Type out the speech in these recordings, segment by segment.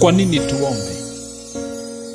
Kwa nini tuombe?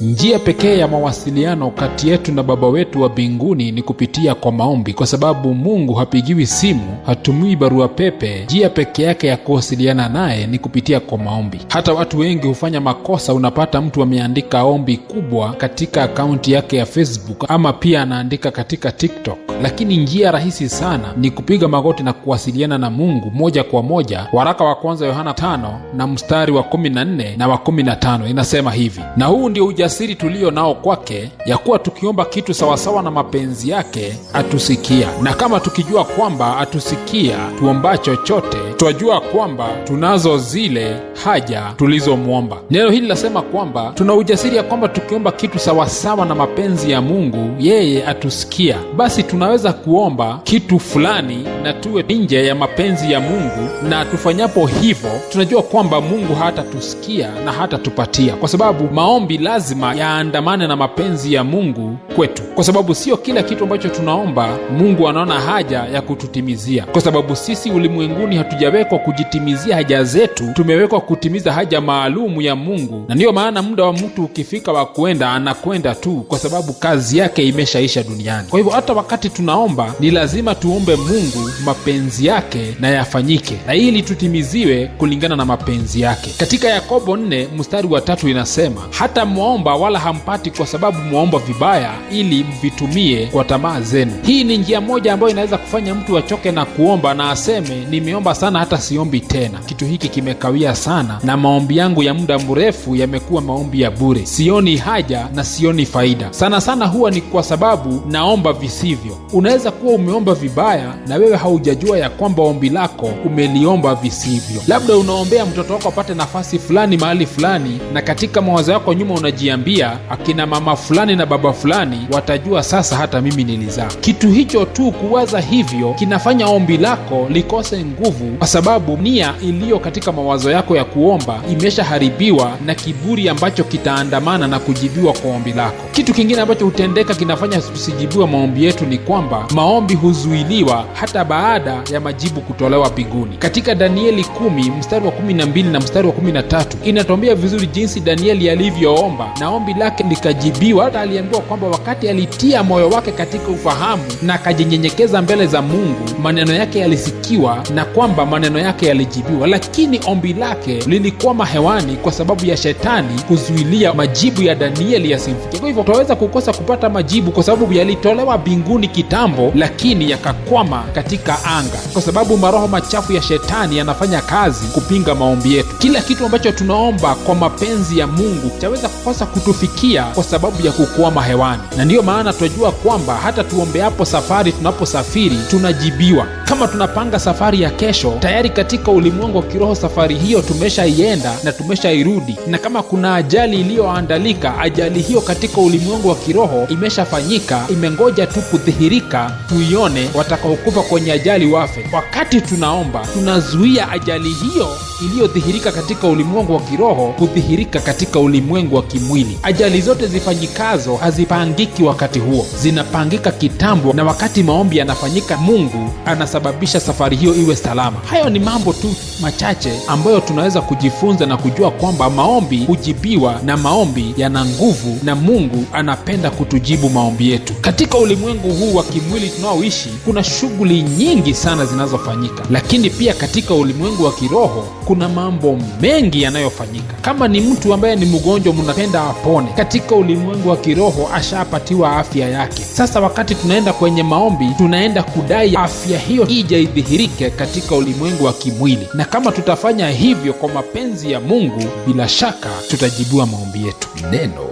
Njia pekee ya mawasiliano kati yetu na Baba wetu wa binguni ni kupitia kwa maombi, kwa sababu Mungu hapigiwi simu, hatumii barua pepe. Njia pekee yake ya kuwasiliana naye ni kupitia kwa maombi. Hata watu wengi hufanya makosa. Unapata mtu ameandika ombi kubwa katika akaunti yake ya Facebook ama pia anaandika katika TikTok, lakini njia rahisi sana ni kupiga magoti na kuwasiliana na Mungu moja kwa moja. Waraka wa kwanza Yohana 5 na mstari wa 14 na wa 15 inasema hivi, na huu ndio uja ujasiri tulio nao kwake, ya kuwa tukiomba kitu sawasawa na mapenzi yake atusikia. Na kama tukijua kwamba atusikia tuomba chochote, twajua kwamba tunazo zile haja tulizomwomba. Neno hili lasema kwamba tuna ujasiri ya kwamba tukiomba kitu sawasawa na mapenzi ya Mungu, yeye atusikia. Basi tunaweza kuomba kitu fulani na tuwe nje ya mapenzi ya Mungu, na tufanyapo hivyo tunajua kwamba Mungu hatatusikia na hatatupatia, kwa sababu maombi lazima lazima yaandamane na mapenzi ya Mungu kwetu, kwa sababu sio kila kitu ambacho tunaomba Mungu anaona haja ya kututimizia, kwa sababu sisi ulimwenguni hatujawekwa kujitimizia haja zetu, tumewekwa kutimiza haja maalumu ya Mungu. Na ndiyo maana muda wa mtu ukifika wa kwenda anakwenda tu, kwa sababu kazi yake imeshaisha duniani. Kwa hivyo hata wakati tunaomba ni lazima tuombe Mungu mapenzi yake na yafanyike, na ili tutimiziwe kulingana na mapenzi yake. Katika Yakobo 4 mstari wa tatu inasema hata mwomba mnaomba wala hampati kwa sababu mwaomba vibaya ili mvitumie kwa tamaa zenu. Hii ni njia moja ambayo inaweza kufanya mtu achoke na kuomba na aseme, nimeomba sana hata siombi tena, kitu hiki kimekawia sana na maombi yangu ya muda mrefu yamekuwa maombi ya bure, sioni haja na sioni faida. Sana sana huwa ni kwa sababu naomba visivyo. Unaweza kuwa umeomba vibaya na wewe haujajua ya kwamba ombi lako umeliomba visivyo. Labda unaombea mtoto wako apate nafasi fulani mahali fulani, na katika mawazo yako nyuma unaji kuniambia akina mama fulani na baba fulani watajua sasa hata mimi nilizaa. Kitu hicho tu kuwaza hivyo kinafanya ombi lako likose nguvu, kwa sababu nia iliyo katika mawazo yako ya kuomba imeshaharibiwa na kiburi ambacho kitaandamana na kujibiwa kwa ombi lako. Kitu kingine ambacho hutendeka kinafanya tusijibiwa maombi yetu ni kwamba maombi huzuiliwa hata baada ya majibu kutolewa mbinguni. Katika Danieli 1 mstari wa 12 na mstari wa 13 inatuambia vizuri jinsi Danieli alivyoomba na ombi lake likajibiwa. Hata aliambiwa kwamba wakati alitia moyo wake katika ufahamu na akajinyenyekeza mbele za Mungu, maneno yake yalisikiwa na kwamba maneno yake yalijibiwa, lakini ombi lake lilikwama hewani kwa sababu ya shetani kuzuilia majibu ya Danieli yasimfikia. Kwa hivyo tutaweza kukosa kupata majibu kwa sababu yalitolewa binguni kitambo, lakini yakakwama katika anga kwa sababu maroho machafu ya shetani yanafanya kazi kupinga maombi yetu. Kila kitu ambacho tunaomba kwa mapenzi ya Mungu chaweza kukosa kutufikia kwa sababu ya kukwama hewani, na ndiyo maana tunajua kwamba hata tuombeapo safari tunaposafiri tunajibiwa. Kama tunapanga safari ya kesho, tayari katika ulimwengu wa kiroho safari hiyo tumeshaienda na tumeshairudi, na kama kuna ajali iliyoandalika, ajali hiyo katika ulimwengu wa kiroho imeshafanyika, imengoja tu kudhihirika, tuione. Watakaokufa kwenye ajali wafe. Wakati tunaomba, tunazuia ajali hiyo iliyodhihirika katika ulimwengu wa kiroho kudhihirika katika ulimwengu wa kimwili mawili. Ajali zote zifanyikazo hazipangiki wakati huo, zinapangika kitambo, na wakati maombi yanafanyika, Mungu anasababisha safari hiyo iwe salama. Hayo ni mambo tu machache ambayo tunaweza kujifunza na kujua kwamba maombi hujibiwa na maombi yana nguvu, na Mungu anapenda kutujibu maombi yetu. Katika ulimwengu huu wa kimwili tunaoishi, kuna shughuli nyingi sana zinazofanyika, lakini pia katika ulimwengu wa kiroho kuna mambo mengi yanayofanyika. Kama ni mtu ambaye ni mgonjwa, mnapenda apone. Katika ulimwengu wa kiroho ashapatiwa afya yake. Sasa wakati tunaenda kwenye maombi, tunaenda kudai afya hiyo ija idhihirike katika ulimwengu wa kimwili, na kama tutafanya hivyo kwa mapenzi ya Mungu, bila shaka tutajibua maombi yetu. Neno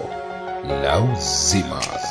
la uzimas